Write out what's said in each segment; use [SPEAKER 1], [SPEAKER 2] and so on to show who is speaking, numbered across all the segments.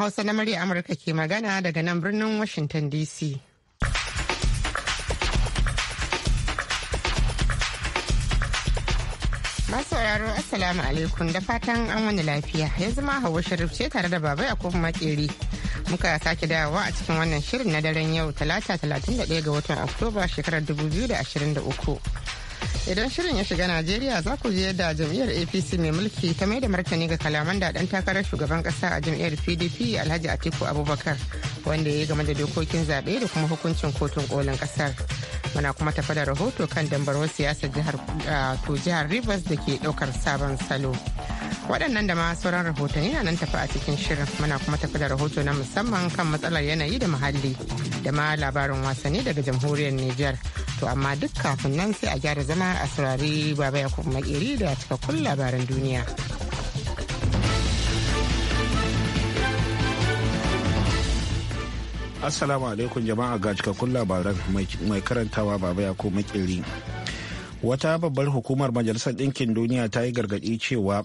[SPEAKER 1] Hausa na murya Amurka ke magana daga nan birnin Washington DC. masu yaro assalamu alaikum da fatan an wani lafiya ya zama hauwa sharif ce tare da babai a kofin makeri muka sake dawowa a cikin wannan shirin na daren yau talata 31 ga watan oktoba shekarar 2023 idan shirin ya shiga najeriya za ku ji yadda jam'iyyar apc mai mulki ta mai da martani ga kalaman da dan takarar shugaban kasa a jam'iyyar pdp alhaji atiku abubakar wanda ya yi game da dokokin zaɓe da kuma hukuncin kotun kolin kasar muna kuma tafa da rahoto kan dambarwar siyasar jihar to jihar rivers da ke ɗaukar sabon salo waɗannan da ma sauran rahoton na nan tafi a cikin shirin muna kuma tafi da rahoto na musamman kan matsalar yanayi da muhalli da ma labarin wasanni daga jamhuriyar niger To amma duk kafin nan sai a gyara zama a saurari baba ya kuma makeri da cikakkun labaran duniya.
[SPEAKER 2] Assalamu alaikum jama'a ga cikakkun labaran mai karantawa baba ya makeri. Wata babbar hukumar Majalisar Ɗinkin Duniya ta yi gargaɗi cewa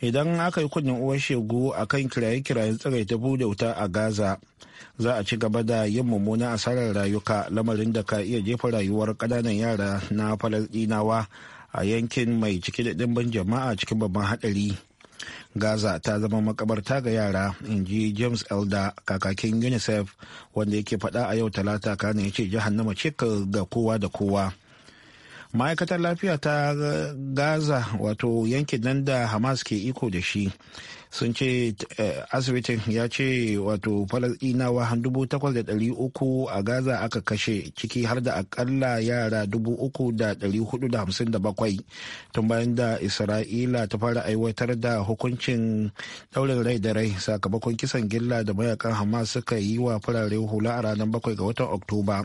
[SPEAKER 2] idan aka yi kunnen uwar shegu a kan kiraye-kirayen tsirai ta bude wuta a gaza za a ci gaba da yin mummuna asarar rayuka lamarin da ka iya jefa rayuwar kananan yara na falasɗinawa a yankin mai cike da ɗimbin jama'a cikin babban haɗari gaza ta zama makabarta ga yara in ji james elder kakakin unicef wanda yake faɗa a yau talata kanin ya ce nama ce ga kowa da kowa ma'aikatar lafiya ta gaza wato yanki nan da hamas ke iko da shi sun ce eh, asibitin ya ce wato falasɗinawa dubu takwas da dari uku a gaza aka kashe ciki har da akalla yara dubu uku da dari hudu da hamsin da bakwai tun bayan da isra'ila ta fara aiwatar da hukuncin ɗaurin rai da rai sakamakon kisan gilla da mayakan hamas suka yi wa fararen hula a ranar bakwai ga watan oktoba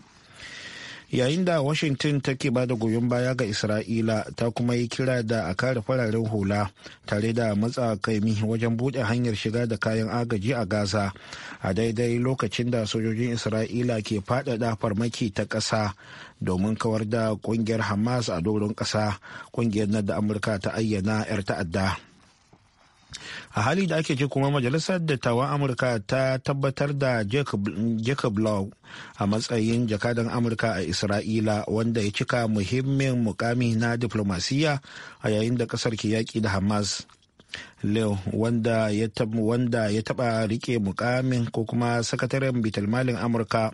[SPEAKER 2] yayin da washington take ba da goyon baya ga isra'ila ta kuma yi kira da a kare fararen hula tare da matsa kaimi wajen bude hanyar shiga da kayan agaji a gaza a daidai lokacin da sojojin isra'ila ke faɗaɗa farmaki ta ƙasa domin kawar da ƙungiyar hamas a doron ƙasa ƙungiyar da amurka ta ayyana 'yar ta'adda a hali da ake ce kuma majalisar dattawan amurka ta tabbatar da jacob law a matsayin jakadan amurka a isra'ila wanda ya cika muhimmin mukami na diplomasiya a yayin da kasar ke yaki da hamas leo wanda ya taba rike mukamin ko kuma sakataren bitalmalin amurka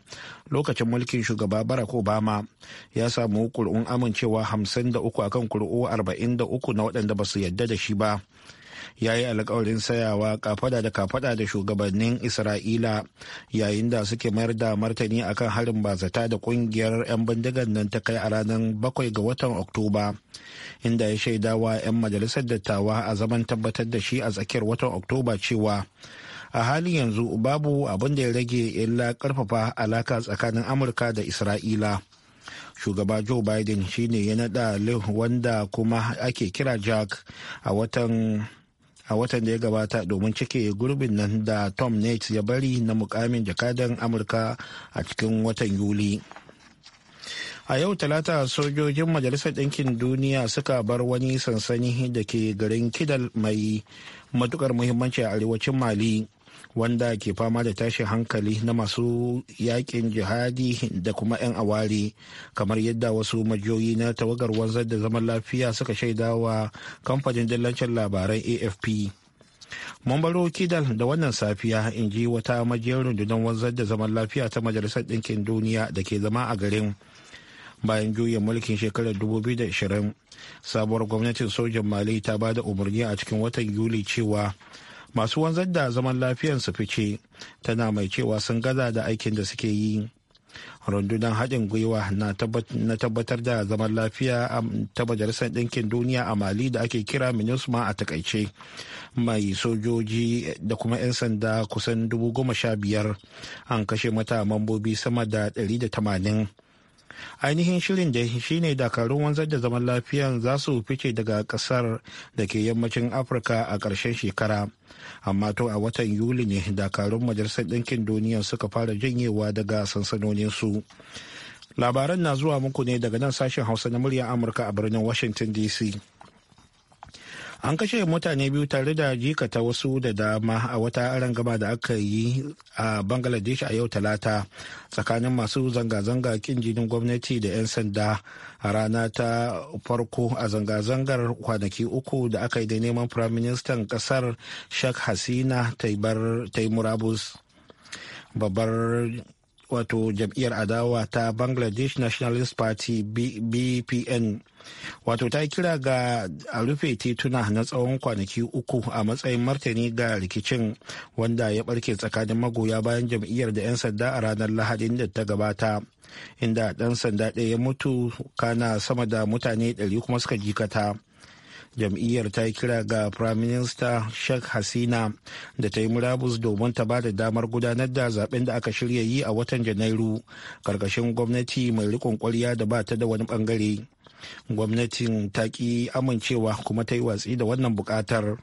[SPEAKER 2] lokacin mulkin shugaba barack obama ya samu kur'un amincewa 53 akan kur'u 43 na waɗanda ba su yadda da shi ba ya yi alkawarin sayawa kafada da kafada da shugabannin isra'ila yayin da suke mayar da martani akan harin bazata da kungiyar 'yan bindigar nan ta kai a ranar bakwai ga watan oktoba inda ya shaidawa 'yan majalisar dattawa a zaman tabbatar da shi a tsakiyar watan oktoba cewa a halin yanzu babu abin da ya rage illa karfafa alaka tsakanin amurka da isra'ila shugaba joe biden shine ya nada wanda kuma ake kira jack a watan a watan da ya gabata domin cike gurbin nan da tom net ya bari na mukamin jakadan amurka a cikin watan yuli a yau talata sojojin majalisar ɗinkin duniya suka bar wani sansani da ke garin kidal mai matukar muhimmanci a arewacin mali wanda ke fama da tashin hankali na masu yakin jihadi da kuma 'yan awari kamar yadda wasu majiyoyi na tawagar wanzar da zaman lafiya suka shaida wa kamfanin dillancin labaran afp mun baro kidal da wannan safiya in ji wata majiyar rundunar wanzar da zaman lafiya ta majalisar ɗinkin duniya da ke zama a garin bayan juyin mulkin shekarar 2020 sabuwar gwamnatin sojan mali ta ba da umarni a cikin watan yuli cewa masu wanzar da zaman lafiyar su fice tana mai cewa sun gaza da aikin da suke yi rundunar haɗin gwiwa na tabbatar da zaman lafiya ta majalisar ɗinkin duniya a mali da ake kira minisma a takaice mai sojoji da kuma 'yan sanda kusan 15,000 an kashe mata mambobi sama da 180 ainihin shirin da shi ne dakarun wanzar da zaman lafiyan za su fice daga kasar da ke yammacin afirka a ƙarshen shekara amma to a watan yuli ne dakarun majalisar ɗinkin duniya suka fara janyewa daga sansanoninsu labaran na zuwa muku ne daga nan sashen hausa na muryar amurka a birnin washington dc an kashe mutane biyu tare da jikata wasu da dama a wata gama da aka yi a bangladesh a yau talata tsakanin masu zanga-zanga kin jinin gwamnati da 'yan sanda a rana ta farko a zanga-zangar kwanaki uku da aka yi da neman firaministan kasar shak hasina taimurabus babbar wato jam'iyyar adawa ta bangladesh nationalist party bpn wato ta kira ga a rufe tituna na tsawon kwanaki uku a matsayin martani ga rikicin wanda ya barke tsakanin magoya bayan jam'iyyar da 'yan sanda a ranar lahadin da ta gabata inda ɗan sanda ɗaya ya mutu kana sama da mutane 100 kuma suka jikata jam'iyyar ta yi kira ga prime minister sheikh hasina da ta yi murabus domin ta ba da damar gudanar da zaben da aka shirya yi a watan janairu karkashin gwamnati mai rikon kwarya da ba ta da wani bangare gwamnatin ta ki amincewa kuma ta yi watsi da wannan buƙatar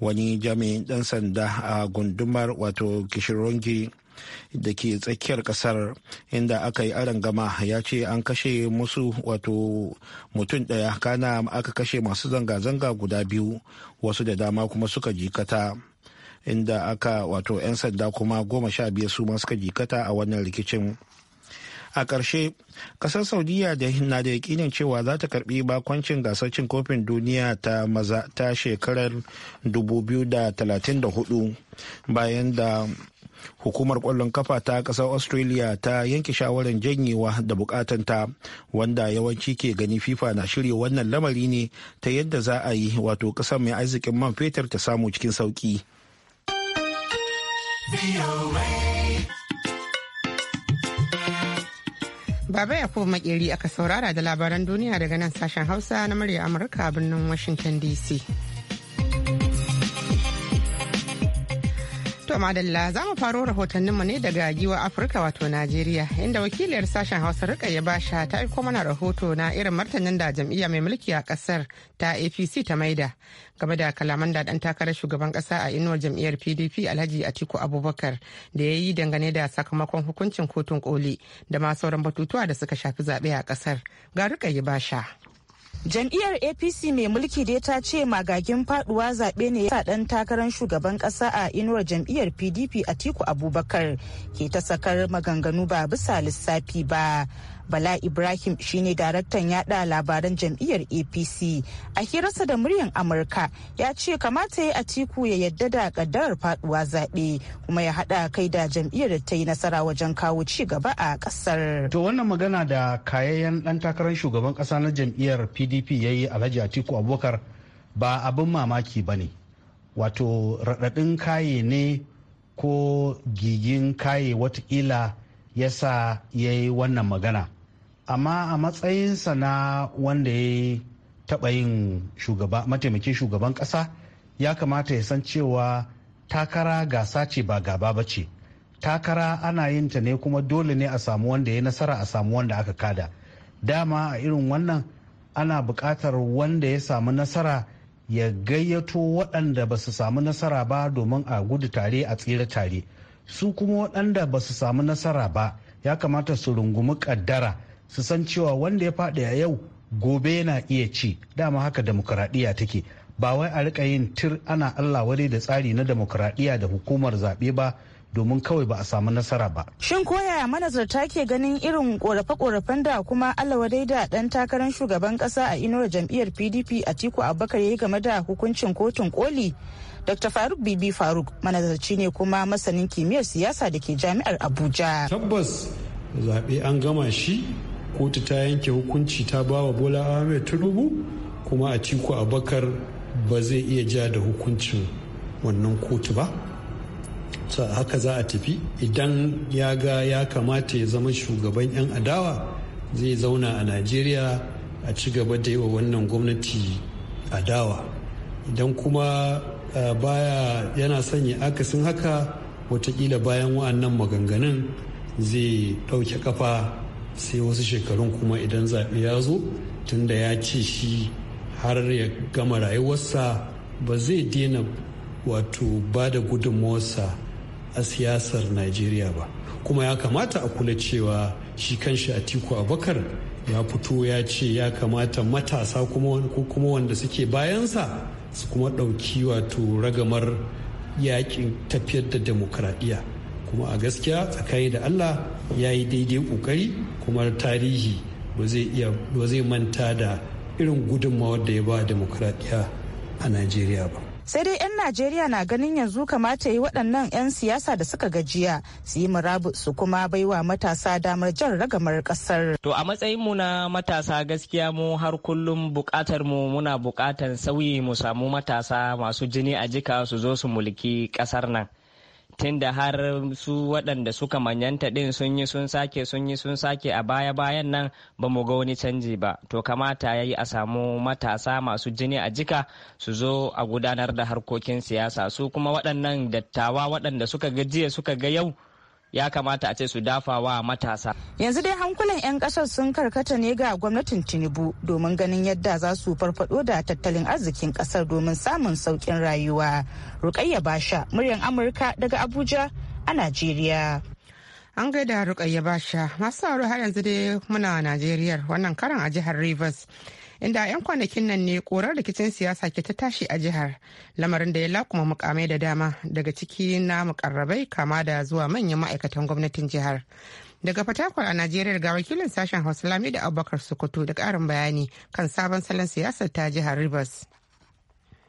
[SPEAKER 2] wani jami'in ɗan sanda a gundumar wato kishirongi da ke tsakiyar ƙasar inda aka yi gama ya ce an kashe musu wato mutum ɗaya kana aka kashe masu zanga-zanga guda biyu wasu da dama kuma suka jikata inda aka wato 'yan sanda kuma goma sha biyar su ma suka jikata a wannan rikicin a ƙarshe ƙasar saudiya na da yakinin cewa za ta karbi bakoncin gasar cin kofin duniya ta maza ta shekarar 2034 bayan da hukumar kwallon kafa ta ƙasar australia ta yanke shawarar janyewa da bukatanta wanda yawanci ke gani fifa na shirya wannan lamari ne ta yadda za a yi wato ƙasar mai arzikin man fetur ta samu cikin sauki.
[SPEAKER 1] Baba Yakubu Makeri aka saurara da labaran duniya daga nan sashen Hausa na murya Amurka a birnin Washington DC. madalla za mu faro mu ne daga giwa Afirka wato Najeriya inda wakiliyar sashen Hausa Rukayya Basha ta aiko mana rahoto na irin martanin da jam'iyya mai mulki a kasar ta APC ta maida game da kalaman da dan takarar shugaban kasa a inuwar jam'iyyar PDP Alhaji Atiku Abubakar da ya yi dangane da sakamakon hukuncin kotun koli da ma sauran batutuwa da suka shafi zaɓe a kasar ga Rukayya Basha. jam'iyyar
[SPEAKER 3] apc mai mulki dai ta ce magagin faduwa zaɓe ne ya ɗan takarar shugaban ƙasa a inuwar jam'iyyar pdp a tiku abubakar ke ta sakar maganganu ba bisa lissafi ba Bala Ibrahim shine daraktan yada labaran jam'iyyar APC. A hirarsa da muryan Amurka ya ce kamata ya Atiku ya yadda da kaddarar faduwa zaɓe kuma ya haɗa kai da jam'iyyar da ta yi nasara wajen kawo ci gaba a
[SPEAKER 4] ƙasar. To wannan magana da kayayyen ɗan takarar shugaban ƙasa na jam'iyyar PDP ya yi Alhaji Atiku Abubakar ba abin mamaki ba ne. Wato raɗaɗin kaye ne ko gigin kaye watakila ya sa ya yi wannan magana. amma a matsayinsa na wanda ya taba yin mataimakin shugaban ƙasa ya kamata ya san cewa takara gasa ce ba gaba ba ce takara ana yin ta ne kuma dole ne a samu wanda ya nasara a samu wanda aka kada dama a irin wannan ana buƙatar wanda ya samu nasara ya gayyato waɗanda ba su samu nasara ba domin a gudu tare a tsira tare su kuma waɗanda ba su samu nasara ba ya kamata su rungumi ƙaddara su san cewa wanda ya faɗi a yau gobe yana iya ci dama haka demokuraɗiyya take ba wai a rika yin tir ana allah wadai da tsari na demokuraɗiyya da hukumar zaɓe ba domin kawai ba a samu nasara ba.
[SPEAKER 3] Shin koyaya manazarta ke ganin irin korafe-korafen da kuma alawadai da dan takarar shugaban kasa a inuwar jam'iyyar PDP a Tiku Abubakar ya yi game da hukuncin kotun koli? Dr. Faruk Bibi Faruk manazarci ne kuma masanin kimiyyar siyasa da ke jami'ar Abuja. Tabbas
[SPEAKER 5] zaɓe an gama shi kotu ta yanke hukunci ta ba wa bola ahmed turubu kuma a tiku abakar ba zai iya ja da hukuncin wannan kotu ba haka za a tafi idan ya ga ya kamata ya zama shugaban 'yan adawa zai zauna a najeriya a ci gaba da yi wa wannan gwamnati adawa idan kuma baya yana sanya akasin haka watakila bayan wa'annan maganganun zai ɗauke kafa sai wasu shekarun kuma idan zaɓe ya zo tunda ya ce shi har ya gama rayuwarsa ba zai daina wato ba da gudunmawarsa a siyasar najeriya ba kuma ya kamata a kula cewa shi kanshi atiku abakar ya fito ya ce ya kamata matasa ko kuma wanda suke bayansa su kuma ɗauki wato ragamar yakin tafiyar da demokradiyya kuma a gaskiya tsakani da allah ya yi daidai kokari kuma tarihi ba zai manta da irin gudunmawar da ya ba demokradiyya a najeriya ba
[SPEAKER 3] sai dai 'yan najeriya na ganin yanzu kamata yi waɗannan 'yan siyasa da suka gajiya su yi murabu su kuma baiwa matasa damar jan
[SPEAKER 6] ragamar ƙasar. to a matsayin mu na matasa gaskiya mu har kullum bukatar mu muna buƙatar sauyi mu samu matasa masu jini a jika su zo su mulki ƙasar nan tunda har su waɗanda suka manyanta ɗin sun yi sun sake sun yi sun sake a baya bayan nan ba mu ga wani canji ba to kamata ya yi a samu matasa masu jini a jika su zo a gudanar da harkokin siyasa su kuma waɗannan dattawa waɗanda suka ga jiya suka ga yau ya kamata a ce su dafa wa matasa. Yanzu
[SPEAKER 3] dai hankulan 'yan kasar sun karkata ne ga gwamnatin Tinubu domin ganin yadda za su farfado da tattalin arzikin kasar domin samun sauƙin rayuwa. Rukayya Basha, muryar
[SPEAKER 1] Amurka daga Abuja a Najeriya. An gaida Rukayya Basha, masu har yanzu dai muna Najeriya wannan karan a jihar Rivers. inda 'yan kwanakin nan ne korar rikicin siyasa ke ta tashi a jihar lamarin da ya lakuma mukamai da dama daga ciki na mukarrabai kama da zuwa manyan ma'aikatan gwamnatin jihar daga fatakwal a najeriya ga wakilin sashen hausa lamidu abubakar sokoto da karin bayani kan sabon salon siyasar ta jihar rivers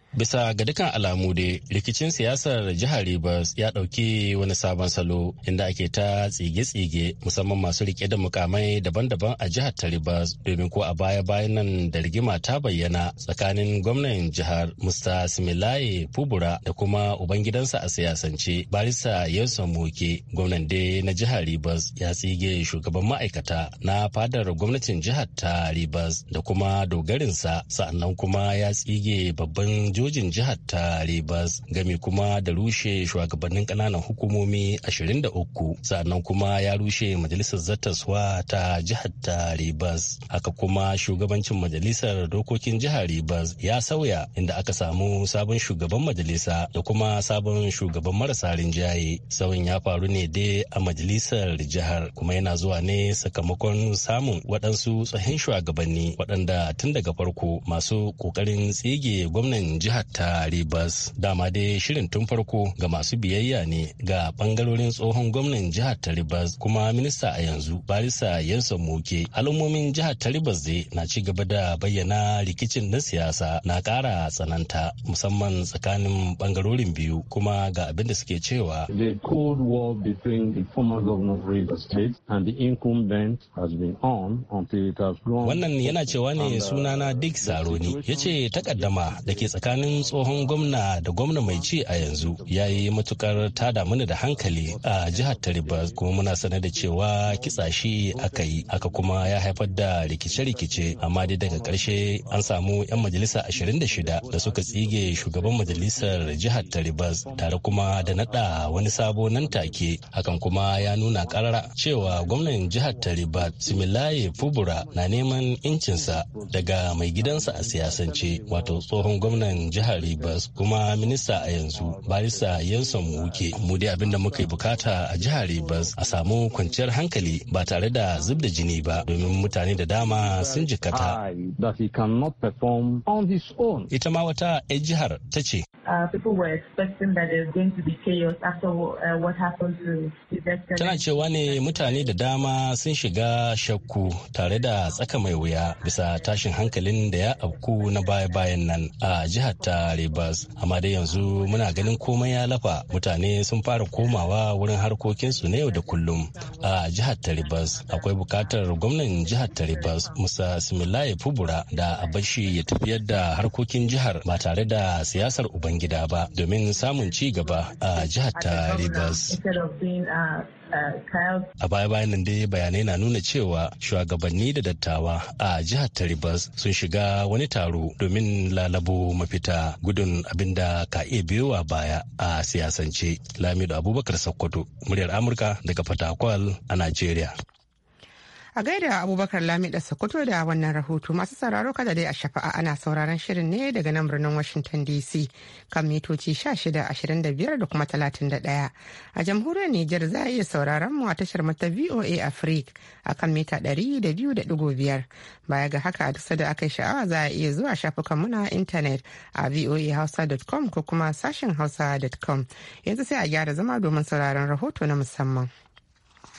[SPEAKER 7] bisa ga dukkan alamu da rikicin siyasar jihar Rivers ya ɗauki wani sabon salo inda ake ta tsige-tsige musamman masu rike da mukamai daban-daban a jihar ta Rivers domin ko a baya-bayan nan da rigima ta bayyana tsakanin gwamnan jihar Musta Similaye Fubura da kuma ubangidansa a siyasance Barista Yeso Moke gwamnan dai na jihar Rivers ya tsige shugaban ma'aikata na fadar gwamnatin jihar ta Rivers da kuma dogarinsa sa'annan kuma ya tsige babban sojojin jihar ta Rivers game kuma da rushe shugabannin ƙananan hukumomi 23 sannan kuma ya rushe majalisar zattaswa ta jihar ta Rivers haka kuma shugabancin majalisar dokokin jihar Rivers ya sauya inda aka samu sabon shugaban majalisa da kuma sabon shugaban marasa rinjaye sauyin ya faru ne dai a majalisar jihar kuma yana zuwa ne sakamakon samun waɗansu tsohon shugabanni waɗanda tun daga farko masu ƙoƙarin tsige gwamnan jihar jihar ta Rivers. Dama dai shirin tun farko ga masu biyayya ne ga bangarorin tsohon gwamnan jihar ta Rivers kuma minista a yanzu Barisa Yansan Moke. Al'ummomin jihar ta Rivers dai na ci gaba da bayyana rikicin na siyasa na ƙara tsananta musamman tsakanin bangarorin biyu kuma ga abin da suke cewa. The Cold War between the former governor of Rivers State and the incumbent has been on until it has grown. Wannan yana cewa ne sunana Dick Saroni ya ce takaddama da ke tsakanin tsakanin tsohon gwamna da gwamna mai ci a yanzu ya yi matukar tada mana da hankali a jihar ta kuma muna sane da cewa kitsa shi aka yi aka kuma ya haifar da rikice-rikice amma dai daga karshe an samu 'yan majalisa 26 da suka tsige shugaban majalisar jihar ta tare kuma da nada wani sabo nan take hakan kuma ya nuna karara cewa gwamnan jihar ta similaye fubura na neman incinsa daga mai gidansa a siyasance wato tsohon gwamnan jihar Rivers kuma minista a yanzu barista Yanson Muke mu dai abin da muka bukata a jihar Rivers a samu kwanciyar hankali ba tare da zub da jini ba domin mutane da dama sun jikata. Ita ma wata 'yan jihar ta ce.
[SPEAKER 3] Uh, uh, tana
[SPEAKER 7] cewa ne mutane da dama sun shiga shakku tare da tsaka mai wuya bisa tashin hankalin da ya afku na baya-bayan nan a jihar ta rebus Amma dai yanzu muna ganin komai ya lafa mutane sun fara komawa wurin harkokinsu na yau da kullum a jihar ta rebus Akwai bukatar gwamnan jihar ta rebus Musa Similaye Fubura da Abashi ya tafiyar da harkokin jihar ba tare da siyasar Ubangida ba domin samun ci gaba a jihar ta rebus
[SPEAKER 3] A
[SPEAKER 7] baya-bayan nan dai bayanai na nuna cewa shugabanni da dattawa a jihar Taribas sun shiga wani taro domin lalabo mafita gudun abin da ka iya biyowa baya a siyasance. Lamido Abubakar Sokoto, muryar Amurka daga Fatakwal a Najeriya.
[SPEAKER 1] A gaida Abubakar Lamida Sokoto da wannan rahoto masu sauraro kada dai a shafa'a ana sauraron shirin ne daga nan birnin Washington DC kan mitoci 1625 da kuma 31. A jamhuriyar Nijar za a iya sauraron mu a tashar mata VOA Africa a kan mita 200.5. Baya ga haka a duk da aka yi sha'awa za a iya zuwa shafukanmu na intanet a voahausa.com ko kuma sashen hausa.com. Yanzu sai a gyara zama domin sauraron rahoto na musamman.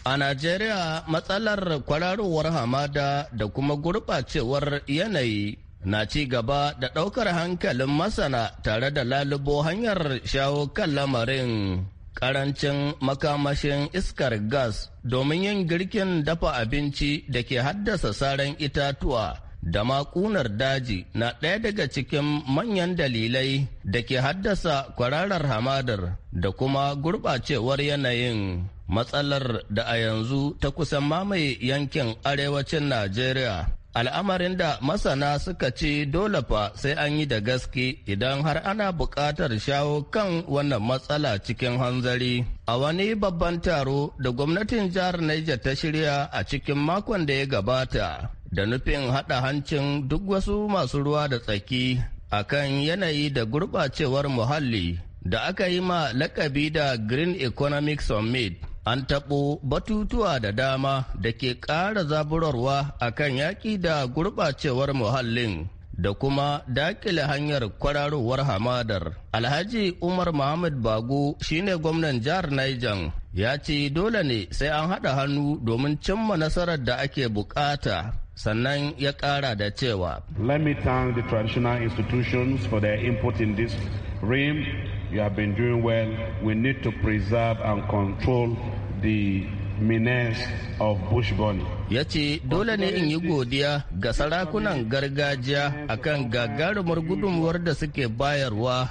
[SPEAKER 6] A Najeriya matsalar kwararowar hamada da kuma gurɓacewar yanayi na ci gaba da ɗaukar hankalin masana tare da lalubo hanyar shawo kan lamarin. Ƙarancin makamashin iskar gas domin yin girkin dafa abinci da ke haddasa saran itatuwa da makunar daji na ɗaya daga cikin manyan dalilai da ke haddasa kwararar hamadar da kuma gurɓacewar yanayin matsalar da a yanzu ta kusan mamaye yankin arewacin najeriya al'amarin da masana suka ce dole fa sai an yi da gaske idan har ana buƙatar shawo kan wannan matsala cikin hanzari a wani babban taro da gwamnatin jihar niger ta shirya a cikin makon da ya gabata da nufin haɗa hancin duk wasu masu ruwa da tsaki a kan yanayi da gurɓacewar muhalli da aka yi ma lakabi da Green Economic Summit. An taɓo batutuwa da dama da ke ƙara zaburarwa a kan yaƙi da gurɓacewar muhallin. da kuma daƙile hanyar kwararowar hamadar. Alhaji Umar Muhammad Bago shine gwamnan jihar Niger ya ce dole ne sai an haɗa hannu domin cimma nasarar da ake buƙata. sannan ya ƙara da cewa
[SPEAKER 2] let me thank the traditional institutions for their input in this realm you have been doing well we need to preserve and control the Mines of Bushbone.
[SPEAKER 6] Ya ce dole ne in yi godiya ga sarakunan gargajiya a kan gagarumar gudunmuwar da suke bayarwa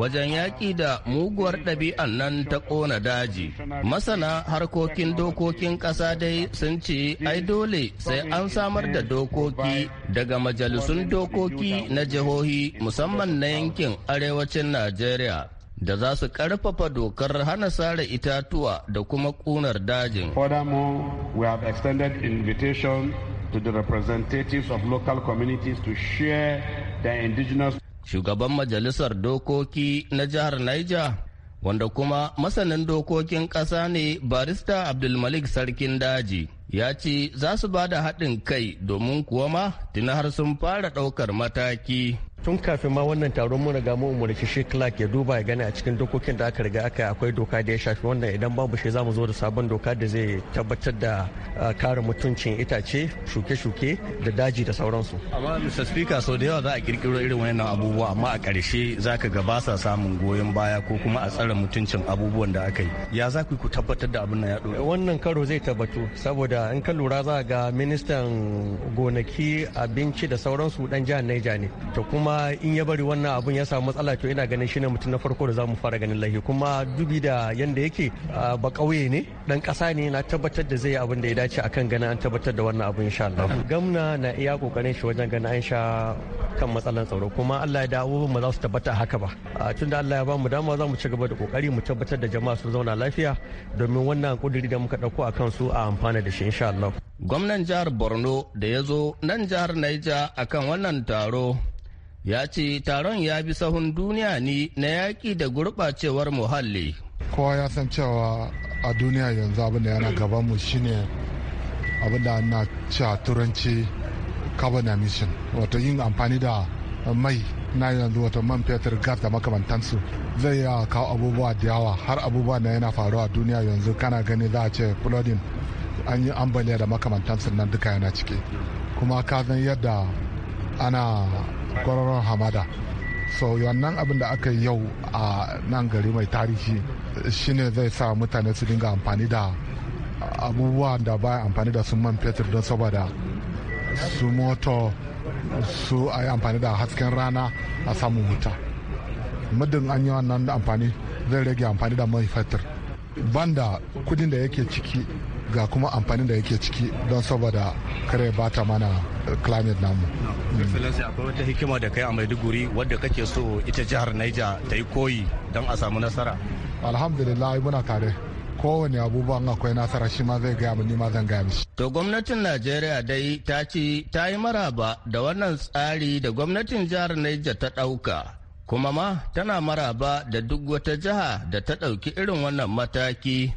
[SPEAKER 6] wajen yaƙi da muguwar ɗabi'an nan ta ƙona daji. Masana harkokin dokokin ƙasa dai sun ce ai dole sai an samar da dokoki daga majalisun dokoki na jihohi musamman na yankin arewacin Najeriya. da za su karfafa dokar hana sare itatuwa da kuma kunar dajin.
[SPEAKER 5] we have extended
[SPEAKER 6] invitation to the representatives of local communities to share their indigenous. Shugaban Majalisar Dokoki na Jihar Niger, wanda kuma masanin dokokin ƙasa ne barista Abdulmalik Sarkin Daji. ya ce za su ba da haɗin kai domin kuwa ma tuna har sun fara ɗaukar mataki tun kafin ma wannan taron muna ga mu umarci shi clark ya duba ya gani a cikin dokokin da aka riga aka akwai doka da ya shafi wannan idan babu shi za mu zo da sabon doka da zai tabbatar da uh, kare mutuncin itace shuke-shuke da daji da sauransu amma mr speaker sau da yawa za a kirkiro irin wannan abubuwa amma a ƙarshe za ka ga ba sa samun goyon baya ko kuma a tsare mutuncin abubuwan da aka yi ya za ku tabbatar da abin nan ya ɗora wannan karo zai tabbatu saboda in ka lura za ga ministan gonaki abinci da sauransu dan jihar naija ne to kuma kuma in ya bari wannan abun ya samu matsala to ina ganin shine mutum na farko da zamu fara ganin lahi kuma dubi da yanda yake ba kauye ne dan kasa ne na tabbatar da zai abin da ya dace akan ganin an tabbatar da wannan abun insha Allah gamna na iya kokarin shi wajen ganin an sha kan matsalan tsaro kuma Allah ya dawo mu za su tabbata haka ba tunda Allah ya ba mu dama za mu ci gaba da kokari mu tabbatar da jama'a su zauna lafiya domin wannan kuduri da muka dauko akan su a amfana da shi insha Allah gwamnan jihar Borno da ya zo nan jihar Niger akan wannan taro ya ce taron ya bi sahun duniya ne na yaƙi da gurɓacewar muhalli.
[SPEAKER 8] Kowa ya san cewa a duniya yanzu abin da yana gabanmu shine abin da na ci a turanci carbon emission wato yin amfani da mai na yanzu wato man fetur gas da makamantansu zai ya kawo abubuwa da yawa har abubuwa da yana faruwa a duniya yanzu kana gani za a ce flooding an yi ambaliya da makamantansu nan duka yana ciki kuma ka zan yadda ana kwararon hamada so wannan abin da aka yi yau a nan gari mai tarihi shine zai sa mutane su dinga amfani da abubuwa da ba amfani da su man fetur don saboda su moto su a yi amfani da hasken rana a samun wuta muddin an yi wannan amfani zai rage amfani da man fetur banda kudin da yake ciki ga kuma amfanin da yake ciki don saboda kare ba ta mana eh, climate namu.
[SPEAKER 6] excellency akwai wata hikima da kai a maiduguri wadda kake so ita jihar niger ta yi koyi don a samu nasara
[SPEAKER 8] alhamdulillah muna tare kowane abubuwan akwai nasara shi ma zai gaya ni ma zan gaya mishi. To gwamnatin
[SPEAKER 6] Najeriya dai ta ce ta yi maraba da wannan tsari da gwamnatin jihar Niger ta ɗauka. Kuma ma tana maraba da duk wata jiha da ta ɗauki irin wannan mataki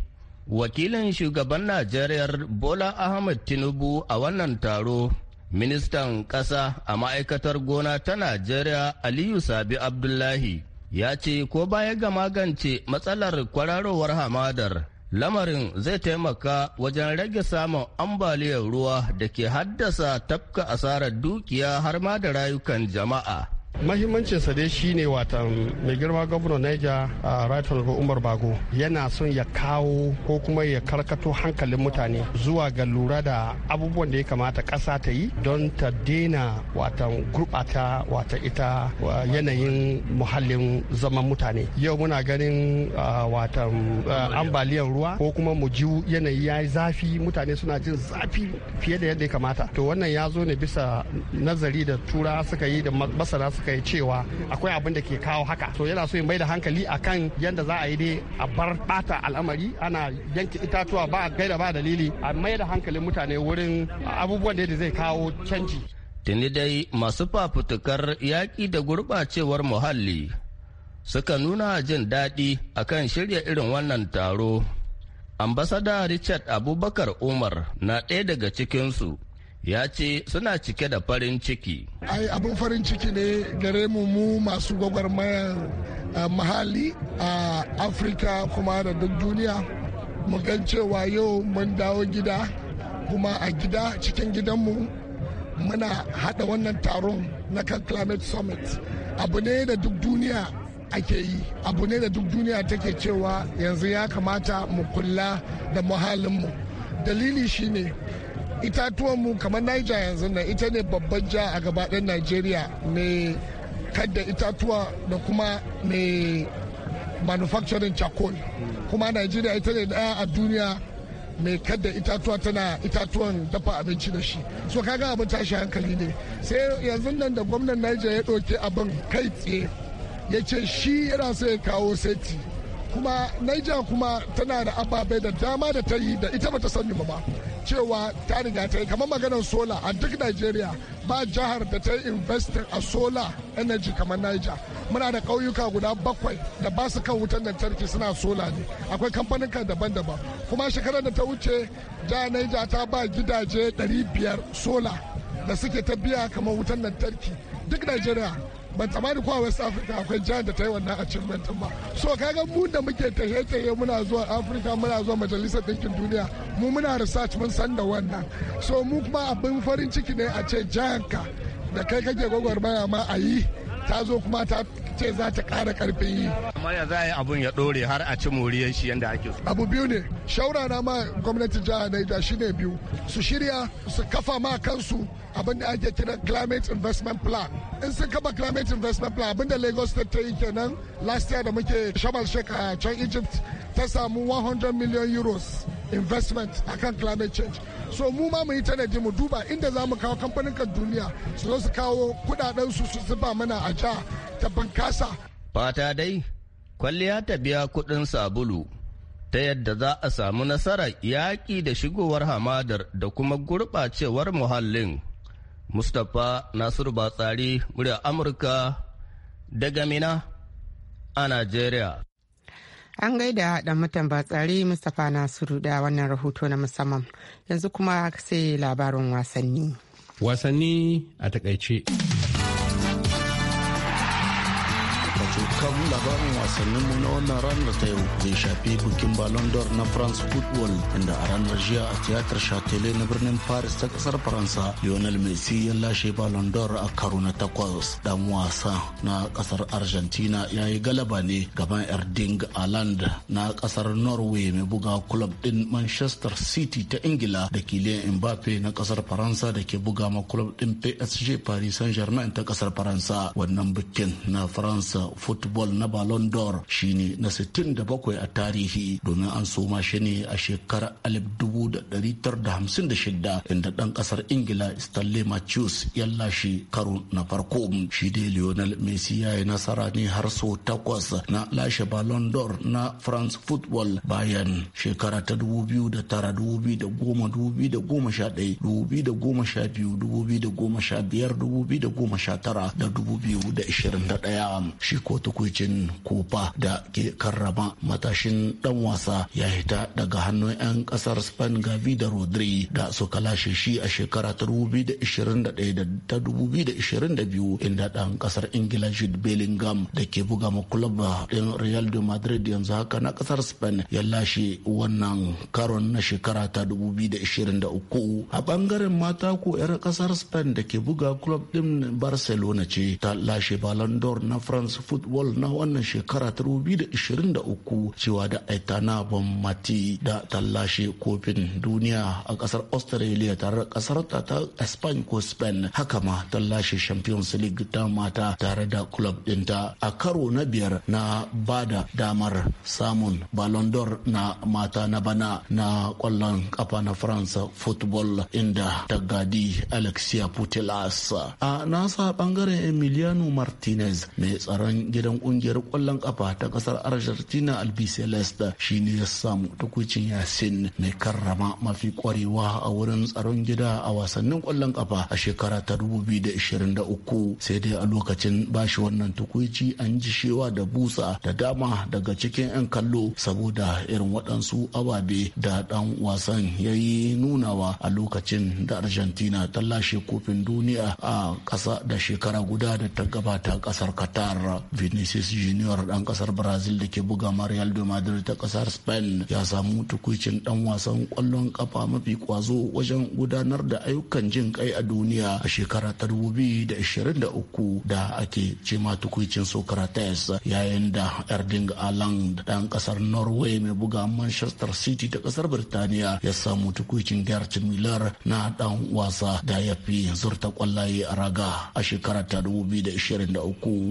[SPEAKER 6] Wakilin shugaban Najeriya Bola Ahmed Tinubu a wannan taro, ministan ƙasa a ma'aikatar gona ta Najeriya Aliyu Sabi Abdullahi ya ce ko baya ga magance matsalar kwararowar hamadar, lamarin zai taimaka wajen rage samun ambaliyar ruwa da ke haddasa tafka asarar dukiya har ma da rayukan jama'a.
[SPEAKER 5] mahimmancin sa dai shine watan mai girma gwamnan Niger a right honorable Umar Bago yana son ya kawo ko kuma ya karkato hankalin mutane zuwa ga lura da abubuwan da ya kamata kasa ta yi don ta daina watan gurɓata wata ita yanayin muhallin zaman mutane yau muna ganin watan ambaliyar ruwa ko kuma mu ji yanayi ya yi zafi mutane suna jin zafi fiye da yadda ya kamata to wannan ya zo ne bisa nazari da tura suka yi da masana suka suka yi cewa akwai abin da ke kawo haka to yana so ya mai da hankali akan yadda za a yi dai a bar bata al'amari ana yanke itatuwa ba gaida ba dalili a mai da hankalin mutane wurin abubuwan da zai kawo canji
[SPEAKER 6] tuni dai masu fafutukar yaƙi da gurɓacewar muhalli suka nuna jin daɗi akan shirya irin wannan taro ambasada richard abubakar umar na ɗaya daga cikinsu ya ce suna cike da farin ciki.
[SPEAKER 9] Ai abin farin ciki ne gare mu mu masu gwagwarmayar mahali a Afirka kuma da duk duniya. Mu gan cewa yau mun dawo gida kuma a gida cikin gidanmu muna haɗa wannan taron na kan climate summit abu ne da duk duniya ake yi abu ne da duk duniya take cewa yanzu ya kamata mu kula da muhallinmu dalili shine itatuwan mu kamar niger yanzu nan ita ne babban jiha a gabaɗin nigeria mai kadda itatuwa da kuma mai manufacturing charcoal kuma nigeria ita ne daya a duniya mai kadda itatuwa tana itatuwan dafa abinci da shi so kaga abin tashi hankali ne sai yanzu nan da gwamnan niger ya ɗauki abin kai tsaye ya ce shi yana so ya kawo seti kuma Niger kuma tana da ababai da dama da ta yi da ita bata sani ba cewa ta riga ta yi kamar maganar sola a duk Nigeria ba jihar da ta yi investing a sola energy kamar Niger muna da ƙauyuka guda bakwai da ba su kan wutar lantarki suna sola ne akwai kamfaninka daban-daban kuma shekarar da ta wuce jihar Niger ta ba gidaje 500 sola da suke ta biya kamar wutar lantarki duk Najeriya ban tsamani ko a west africa akwai jihar da ta yi wannan achievement ba so kaga mu da muke tahe-tahe muna zuwa afirka muna zuwa majalisar ɗinkin duniya mu muna research mun san da wannan so mu kuma abin farin ciki ne a ce jihar ka da kai kake gwagwarmaya ma a yi ta zo kuma ta ce za ta ƙara ƙarfin yi.
[SPEAKER 6] Amma ya za a yi abun ya ɗore har a ci moriyar shi yadda ake so.
[SPEAKER 9] Abu biyu ne, shaura na ma gwamnatin jihar Niger shi ne biyu, su shirya su kafa ma kansu abin da ake kira climate investment plan. In sun kafa climate investment plan abin da Lagos State ta yi kenan last year da muke Shamal shek a can Egypt ta samu 100 million euros investment akan climate change so mu ma mu yi tanadi mu duba inda za mu kawo kamfanin kan duniya su zo su kawo kudaden su su zuba mana a ja ta bankasa
[SPEAKER 6] fata dai kwalliya ta biya kudin sabulu ta yadda za a samu nasarar yaƙi da shigowar hamadar da kuma gurɓacewar muhallin mustapha nasiru batsari murya amurka daga mina a najeriya
[SPEAKER 1] An gaida da mutan batsari Mustapha Nasiru da wannan rahoto na musamman. Yanzu kuma sai labarin wasanni.
[SPEAKER 7] Wasanni a takaice.
[SPEAKER 10] kan labarin wasannin mu na wannan ranar ta yau zai shafi bikin Ballon d'Or na France Football inda a ranar jiya a tiyatar chatele na birnin Paris ta kasar Faransa Lionel Messi ya lashe Ballon d'Or a karo na takwas dan wasa na kasar Argentina ya yi galaba ne gaban Erding aland na kasar Norway mai buga club din Manchester City ta Ingila da Kylian Mbappe na kasar Faransa da ke buga ma club din PSG Paris Saint-Germain ta kasar Faransa wannan bikin na faransa Football football na Ballon d'Or shine na 67 a tarihi domin an soma shi ne a shekarar 1956 inda ɗan ƙasar Ingila Stanley Matthews ya lashe karo na farko. Shi dai Lionel Messi ya yi nasara ne har so takwas na lashe Ballon d'Or na France Football bayan shekara ta 2009 2010 2011 2012 2015 da 2021 shi ko magujin kufa da ke karrama matashin dan wasa ya hita daga hannun 'yan kasar spain gavi da rodri da suka lashe shi a shekara ta 2021 da ta 2022 inda dan kasar ingila jude bellingham da ke buga ma club din real de madrid yanzu haka na kasar spain ya lashe wannan karon na shekara ta 2023 a bangaren mata ko 'yar kasar spain da ke buga club din barcelona ce ta lashe ballon d'or na france football na wannan shekara ta 2023 cewa da aitana mati da tallashe kofin duniya a kasar australia tare da kasar ta ta spain ko spain haka ma tallashe champions league ta mata tare da club dinta a karo na biyar na bada damar samun ballon d'or na mata na bana na kwallon kafa na faransa football inda ta gadi alexia putelas a nasa bangaren emiliano martinez mai tsaron gidan dan kungiyar kwallon kafa ta ƙasar Argentina Albi Celeste shine ya samu takwicin Yasin mai karrama mafi kwarewa a wurin tsaron gida a wasannin kwallon ƙafa a shekara ta 2023 sai dai a lokacin bashi wannan takwici an ji shewa da busa da dama daga cikin 'yan kallo saboda irin waɗansu ababe da ɗan wasan ya yi nunawa a lokacin da Argentina ta lashe kofin duniya a ƙasa da shekara guda da ta gabata ƙasar Qatar. Vini Vinicius Junior dan kasar Brazil da ke buga Real de Madrid ta kasar Spain ya samu tukucin dan wasan kwallon kafa mafi kwazo wajen gudanar da ayyukan jin kai a duniya a shekara ta 2023 da ake cema tukucin Socrates yayin da Erling Haaland dan kasar Norway mai buga Manchester City ta kasar Birtaniya ya samu tukucin Gert Miller na dan wasa da ya fi zurta kwallaye a raga a shekara ta 2023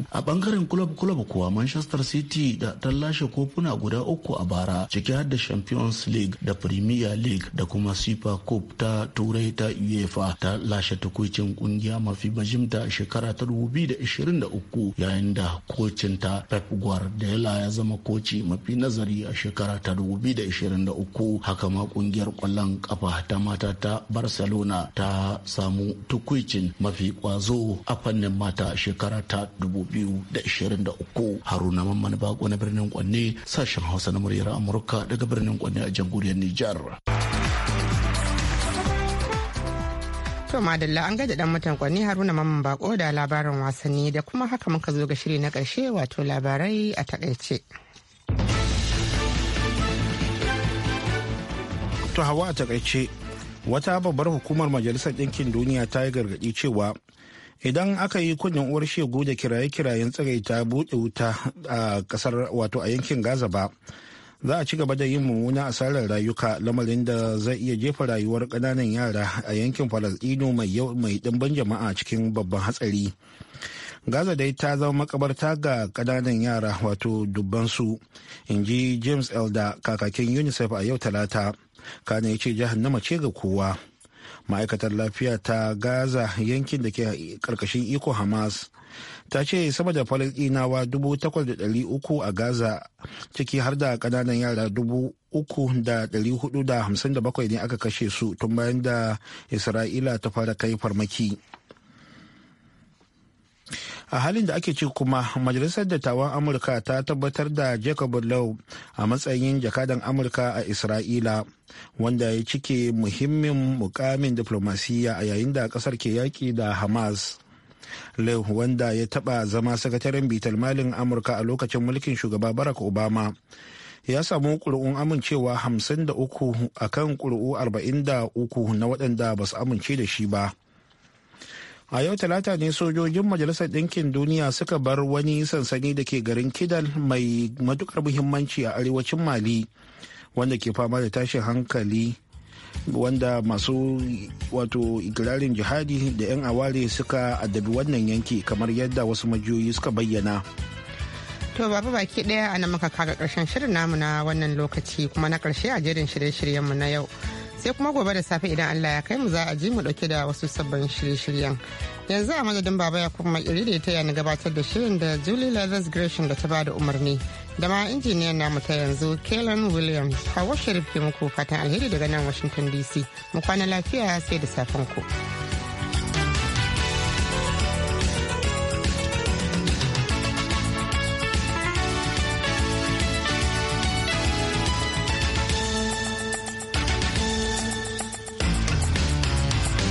[SPEAKER 10] a bangaren club kulab kuwa manchester city da ta lashe kofuna guda uku a bara ciki har da champions league da premier league da kuma super cup ta turai ta uefa ta lashe takwicin kungiya mafi bajimta shekara ta 2023 yayin da kocin ta pep guardiola ya zama koci mafi nazari a shekara ta 2023 haka ma kungiyar kwallon kafa ta mata ta barcelona ta samu tukwicin mafi kwazo a fannin mata shekara ta 2023 uku haruna mamman bako na birnin kwanne sashen hausa na muryar amurka daga birnin kwanne a jamhuriyar nijar
[SPEAKER 1] To madalla an gaji dan mutan kwanni Haruna Mamman Bako da labarin wasanni da kuma haka muka zo ga shiri na karshe wato labarai a takaice.
[SPEAKER 2] To hawa a takaice wata babbar hukumar majalisar ɗinkin duniya ta yi gargaɗi cewa idan aka yi kunnen uwar shegu da kiraye-kirayen ta buɗe wuta a ƙasar wato a yankin gaza ba za a ci gaba da yin mummuna asarar rayuka lamarin da zai iya jefa rayuwar ƙananan yara a yankin falasɗino mai ɗimbin jama'a cikin babban hatsari gaza dai ta zama makabarta ga ƙananan yara wato dubbansu in ji james elder kakakin unicef a yau talata kana ya ce jahannama ce ga kowa ma'aikatar lafiya ta gaza yankin da ke karkashin iko hamas ta ce sama da falasdinawa 8,300 a gaza ciki har da kananan yara 3,457 ne aka kashe su tun bayan da isra'ila ta fara kai farmaki a halin da ake ci kuma majalisar dattawan amurka ta tabbatar da jacob lau a matsayin jakadan amurka a isra'ila wanda ya cike muhimmin mukamin diplomasiyya a yayin da kasar ke yaki da hamas Lew wanda ya taba zama sakataren bitar malin amurka a lokacin mulkin shugaba barack obama ya samu kuri'un amincewa 53 a kan kuri'u 43 na waɗanda ba su amince da shi ba a yau talata ne sojojin majalisar ɗinkin duniya suka bar wani sansani da ke garin kidal mai matukar muhimmanci a arewacin mali wanda ke fama da tashin hankali wanda masu wato ikirarin jihadi da 'yan aware suka addabi wannan yanki kamar yadda wasu majiyoyi suka bayyana
[SPEAKER 1] to baba baki daya a maka kaga karshen shirin namu na wannan lokaci kuma na karshe a jerin shirye-shiryenmu na yau sai kuma gobe da safe idan Allah ya kai mu za a ji mu dauke da wasu sabbin shirye-shiryen yanzu a madadin baba ya kuma iri da ta yana gabatar da shirin da Julie Leathers Gresham da ta ba da umarni da ma injiniyan namu ta yanzu Kellen Williams Hawa Sharif ke muku fatan alheri daga nan Washington DC mu kwana lafiya sai da safen ku.